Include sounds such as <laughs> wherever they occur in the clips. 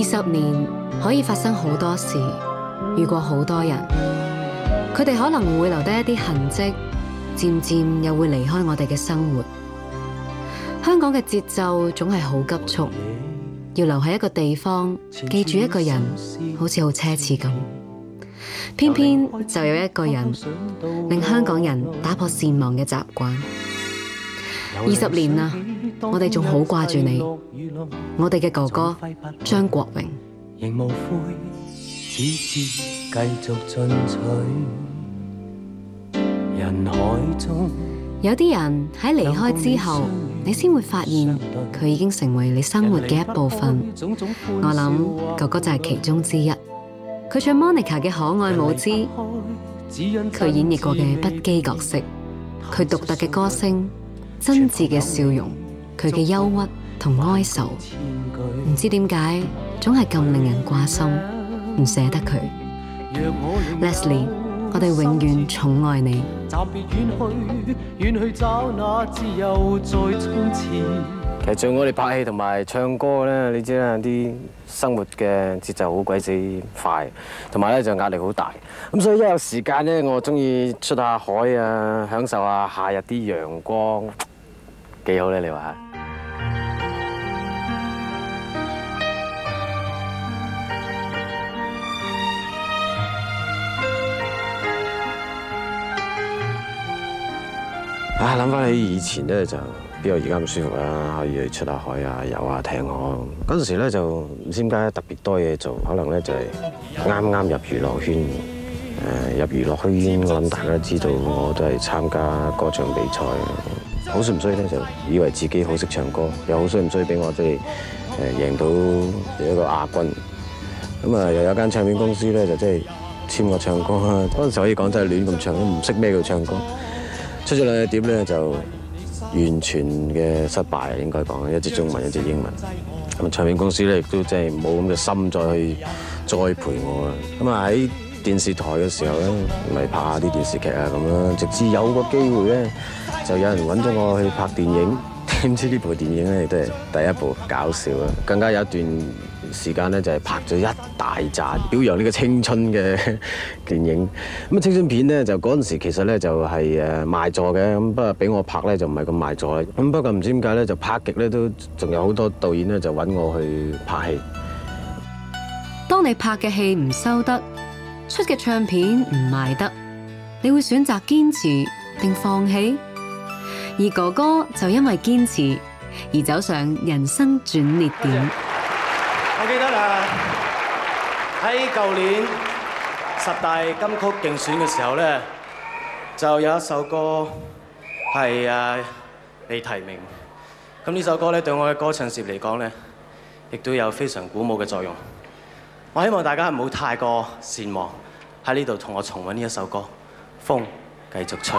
二十年可以發生好多事，遇過好多人，佢哋可能會留低一啲痕跡，漸漸又會離開我哋嘅生活。香港嘅節奏總係好急速，要留喺一個地方記住一個人，好似好奢侈咁。偏偏就有一個人令香港人打破善忘嘅習慣。二十年啦。我哋仲好掛住你，我哋嘅哥哥張國榮。有啲人喺離開之後，你先會發現佢已經成為你生活嘅一部分。我諗哥哥就係其中之一。佢唱 Monica 嘅可愛舞姿，佢演繹過嘅不羈角色，佢獨特嘅歌聲，真摯嘅笑容。佢嘅憂鬱同哀愁，唔知點解總係咁令人掛心，唔捨得佢。Leslie，我哋永遠寵 <music> 愛你。其實做我哋拍戲同埋唱歌咧，你知啦，啲生活嘅節奏好鬼死快，同埋咧就壓力好大。咁所以一有時間咧，我中意出下海啊，享受下夏日啲陽光，幾好咧，你話？啊諗翻起以前咧就邊有而家咁舒服啦，啊，可以去出下海啊遊下艇哦，嗰陣、啊啊、時咧就唔知點解特別多嘢做，可能咧就係啱啱入娛樂圈，誒、呃、入娛樂圈，然我諗大家都知道我都係參加歌唱比賽，啊，好衰唔衰咧就以為自己好識唱歌，又好衰唔衰俾我即係誒贏到一個亞軍。咁啊又有間唱片公司咧就即係簽我唱歌，嗰陣時可以講真係亂咁唱，都唔識咩叫唱歌。出咗兩隻碟咧，就完全嘅失敗啊，應該講一隻中文，一隻英文。咁唱片公司咧亦都即係冇咁嘅心再去栽培我啦。咁啊喺電視台嘅時候咧，咪拍下啲電視劇啊咁樣。直至有個機會咧，就有人揾咗我去拍電影。點知呢部電影咧亦都係第一部搞笑啊，更加有一段，時間咧就係拍咗一大紮表揚呢個青春嘅電影，咁青春片呢，就嗰陣時其實呢，就係誒賣座嘅。咁不過俾我拍呢，就唔係咁賣座。咁不過唔知點解呢，就拍極呢，都仲有好多導演呢，就揾我去拍戲。當你拍嘅戲唔收得，出嘅唱片唔賣得，你會選擇堅持定放棄？而哥哥就因為堅持而走上人生轉捩點。我記得啊，喺舊年十大金曲競選嘅時候呢，就有一首歌係誒被提名。咁呢首歌呢，對我嘅歌唱事業嚟講呢，亦都有非常鼓舞嘅作用。我希望大家唔好太過羨慕，喺呢度同我重溫呢一首歌，風《風繼續吹》。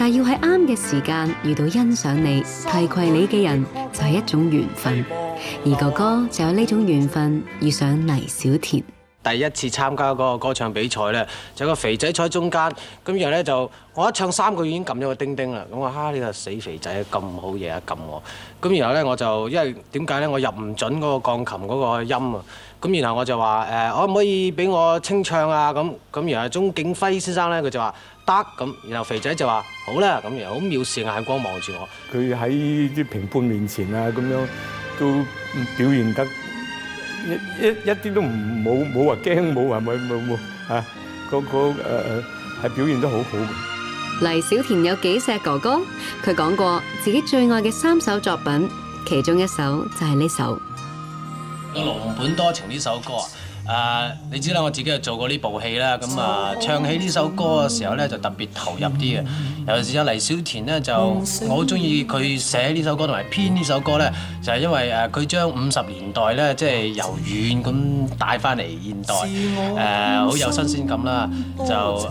但係要喺啱嘅時間遇到欣賞你、提携你嘅人就係、是、一種緣分，而哥哥就有呢種緣分遇上黎小田。第一次參加嗰個歌唱比賽咧，就有個肥仔坐喺中間，咁然後咧就我一唱三個字已經撳咗個叮叮啦，咁我哈呢、啊，這個死肥仔咁好嘢啊，撳我，咁然後咧我就因為，點解咧我入唔準嗰個鋼琴嗰個音啊，咁然後我就話誒可唔可以俾我清唱啊，咁咁然後鍾景輝先生咧佢就話。得咁，然後肥仔就話好啦，咁又好藐視眼光望住我。佢喺啲評判面前啊，咁樣都表現得一一一啲都唔冇冇話驚，冇話冇冇冇啊！嗰個誒係表現得好好。黎小田有幾錫哥哥？佢講過自己最愛嘅三首作品，其中一首就係呢首《濃本多情》呢首歌。誒，uh, 你知啦，我自己又做過呢部戲啦，咁啊，嗯、唱起呢首歌嘅時候咧，就特別投入啲嘅。嗯、尤其是有黎小田咧，就我好中意佢寫呢首歌同埋編呢首歌咧、嗯，就係因為誒，佢將五十年代咧，即係由遠咁帶翻嚟現代，誒，好、呃、有新鮮感啦，嗯、就誒，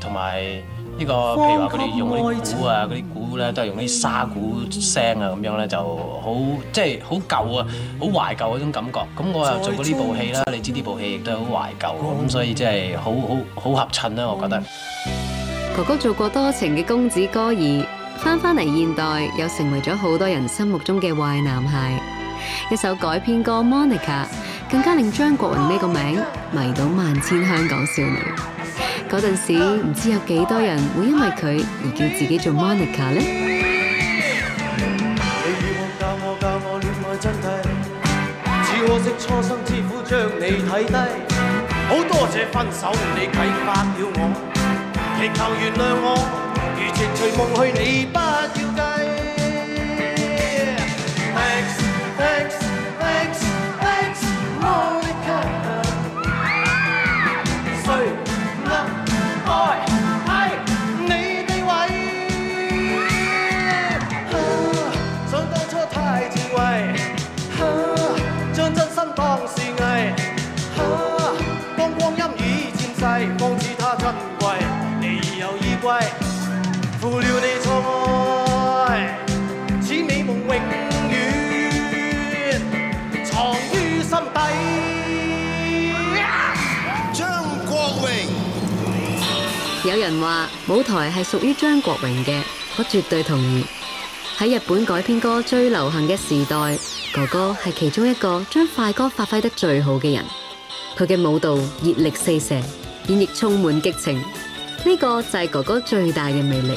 同埋、嗯。呃呢、這個譬如話佢哋用嗰啲鼓啊、嗰啲鼓咧，都係用啲沙鼓聲啊這，咁樣咧就好即係好舊啊、好懷舊嗰種感覺。咁我又做過這部戲呢部戲啦，你知呢部戲亦都係好懷舊咁，所以即係好好好合襯啦、啊，我覺得。哥哥做過多情嘅公子哥兒，翻翻嚟現代又成為咗好多人心目中嘅壞男孩。一首改編歌《Monica》，更加令張國榮呢個名迷倒萬千香港少女。嗰陣時，唔知有幾多人會因為佢而叫自己做 Monica 呢？有人話舞台係屬於張國榮嘅，我絕對同意。喺日本改編歌最流行嘅時代，哥哥係其中一個將快歌發揮得最好嘅人。佢嘅舞蹈熱力四射，演繹充滿激情，呢個就係哥哥最大嘅魅力。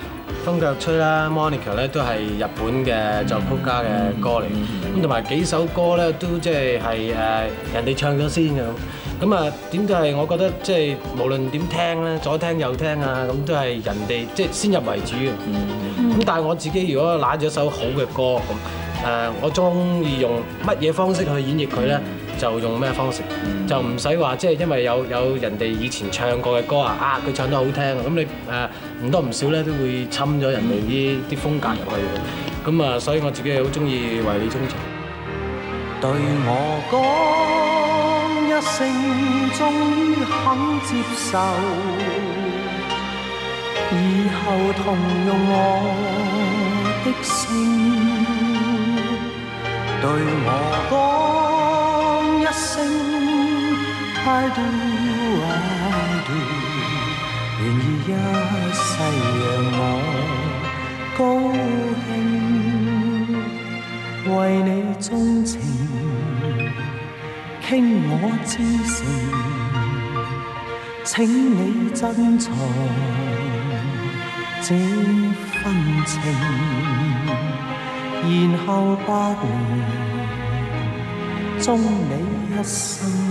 風腳吹啦，Monica 咧都係日本嘅作、就是、曲家嘅歌嚟，咁同埋幾首歌咧都即係係誒人哋唱咗先嘅，咁咁啊點解係我覺得即係無論點聽咧，左聽右聽啊，咁都係人哋即係先入為主嘅，咁但係我自己如果揦咗首好嘅歌咁誒，我中意用乜嘢方式去演繹佢咧？就用咩方式？就唔使話，即係因為有有人哋以前唱過嘅歌啊，啊，佢唱得好聽，咁你誒唔多唔少咧，都會侵咗人哋啲啲風格入去嘅。咁啊，所以我自己係好鍾意為你鍾情。對我講一聲，終於肯接受，以後同用我的心。對我講。I do, I do，願意一世讓我高興，為你鍾情，傾我至誠，請你珍藏這份情，然後百年終你一生。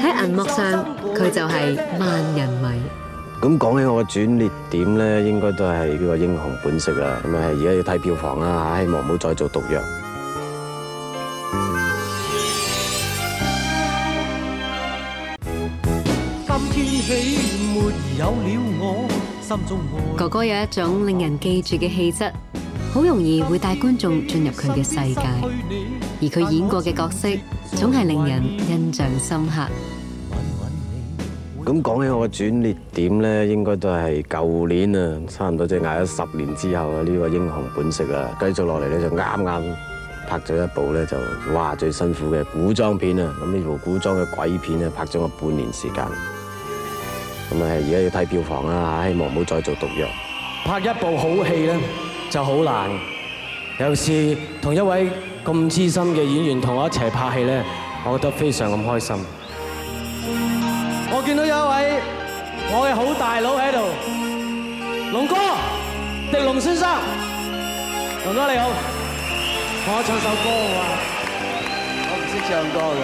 喺銀幕上，佢就係萬人迷。咁講起我嘅轉捩點咧，應該都係呢個英雄本色啦。咁啊，而家要睇票房啦，希望唔好再做毒藥。今天起，沒有了我心中。哥哥有一種令人記住嘅氣質，好容易會帶觀眾進入佢嘅世界。而佢演過嘅角色，總係令人印象深刻。咁講起我嘅轉捩點咧，應該都係舊年啊，差唔多即係挨咗十年之後啊，呢個英雄本色啊，繼續落嚟咧就啱啱拍咗一部咧就哇最辛苦嘅古裝片啊，咁呢部古裝嘅鬼片啊，拍咗我半年時間。咁啊，而家要睇票房啦，啊，希望唔好再做毒藥。拍一部好戲咧就好難，有時同一位，咁資深嘅演員同我一齊拍戲咧，我覺得非常咁開心。我見到有一位我嘅好大佬喺度，龍哥，狄龍先生。龍哥你好，同我唱首歌啊！好我唔識唱歌嘅，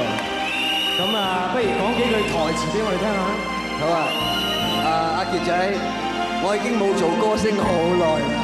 咁啊，不如講幾句台詞俾我哋聽下。好啊，阿阿傑仔，我已經冇做歌星好耐。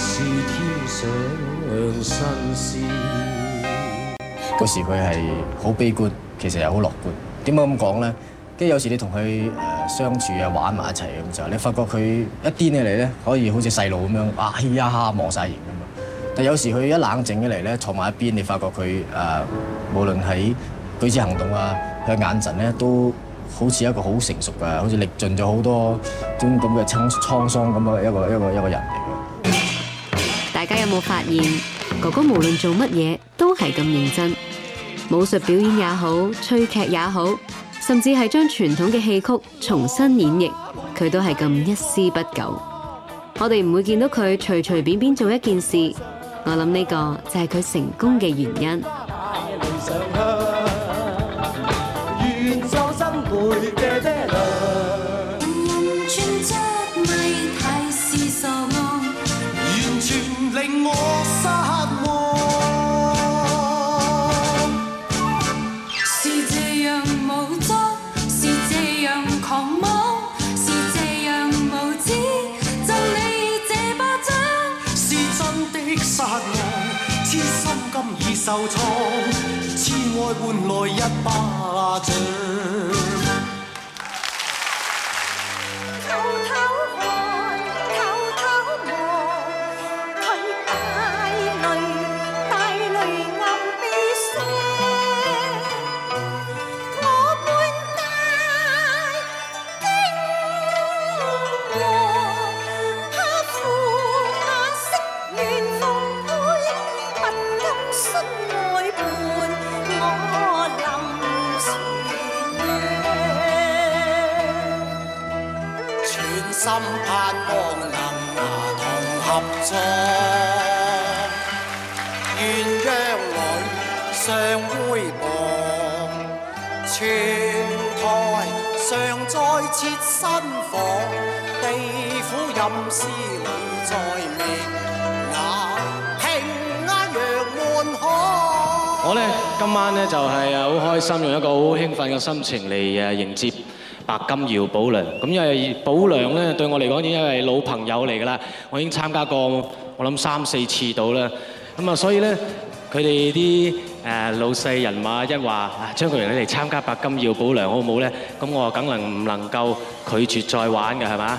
是天上嗰時佢係好悲觀，其實又好樂觀。點解咁講咧？跟住有時你同佢誒相處啊玩埋一齊咁就你起、哎，你發覺佢一癲起嚟咧，可以好似細路咁樣啊咿呀哈望晒型咁啊！但有時佢一冷靜起嚟咧，坐埋一邊，你發覺佢誒，無論喺舉止行動啊，佢嘅眼神咧，都好似一個好成熟嘅，好似歷盡咗好多啲咁嘅蒼滄桑咁嘅一個一個一個人。大家有冇發現，哥哥無論做乜嘢都係咁認真，武術表演也好，趣劇也好，甚至係將傳統嘅戲曲重新演繹，佢都係咁一絲不苟。我哋唔會見到佢隨隨便便做一件事，我諗呢個就係佢成功嘅原因。是這樣狂妄，是這樣無恥，贈你這巴掌。真把是真的失望，痴心今已受創，痴愛換來一巴掌。我咧今晚咧就係啊好開心，用一個好興奮嘅心情嚟啊迎接白金耀寶良。咁因為寶良咧對我嚟講已經係老朋友嚟㗎啦，我已經參加過我諗三四次到啦。咁啊所以咧佢哋啲誒老細人馬一話啊張國榮你嚟參加白金耀寶良好唔好咧？咁我梗能唔能夠拒絕再玩嘅係嘛？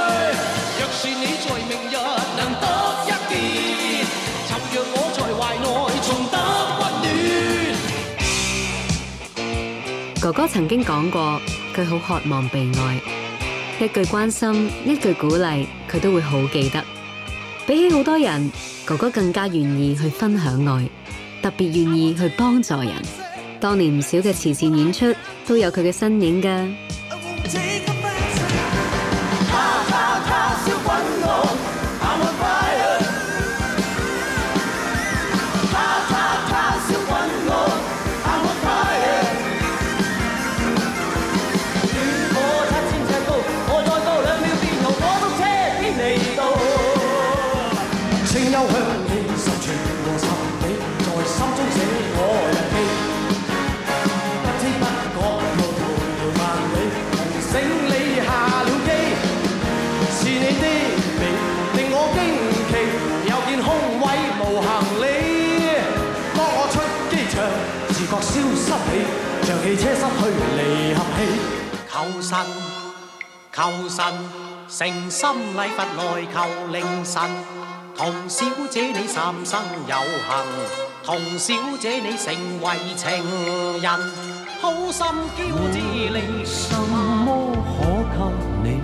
在懷內重得溫暖。哥哥曾經講過，佢好渴望被愛，一句關心，一句鼓勵，佢都會好記得。比起好多人，哥哥更加願意去分享愛，特別願意去幫助人。當年唔少嘅慈善演出，都有佢嘅身影㗎。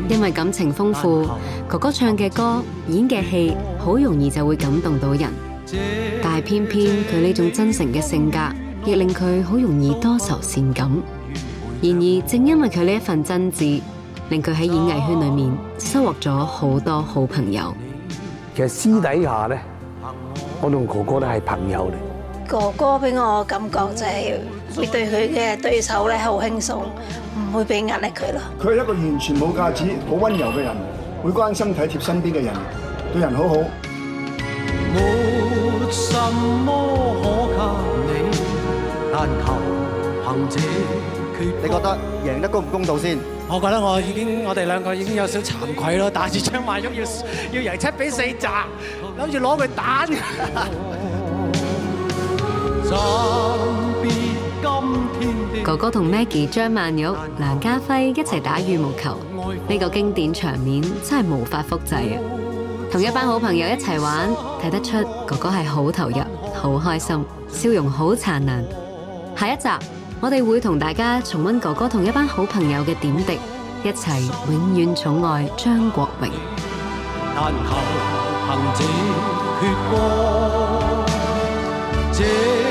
因為感情豐富，哥哥唱嘅歌、演嘅戲，好容易就會感動到人。但係偏偏佢呢種真誠嘅性格，亦令佢好容易多愁善感。.然而，正因為佢呢一份真摯，令佢喺演藝圈裏面收穫咗好多好朋友。其實私底下呢，我同哥哥都係朋友嚟。哥哥俾我感覺就係你對佢嘅對手咧，好輕鬆，唔會俾壓力佢咯。佢係一個完全冇架子、好温柔嘅人，會關心體貼身邊嘅人，對人好好。冇什麼可你求你覺得贏得公唔公道先？我覺得我已經我哋兩個已經有少慚愧咯。打住張曼玉要要贏七比四咋？諗住攞佢蛋。 <laughs> 哥哥同 Maggie、張曼玉、梁家輝一齊打羽毛球，呢個經典場面真係無法複製啊！同一班好朋友一齊玩，睇得出哥哥係好投入、好開心，笑容好燦爛。下一集。我哋會同大家重温哥哥同一班好朋友嘅點滴一起，一齊永遠寵愛張國榮。 <music>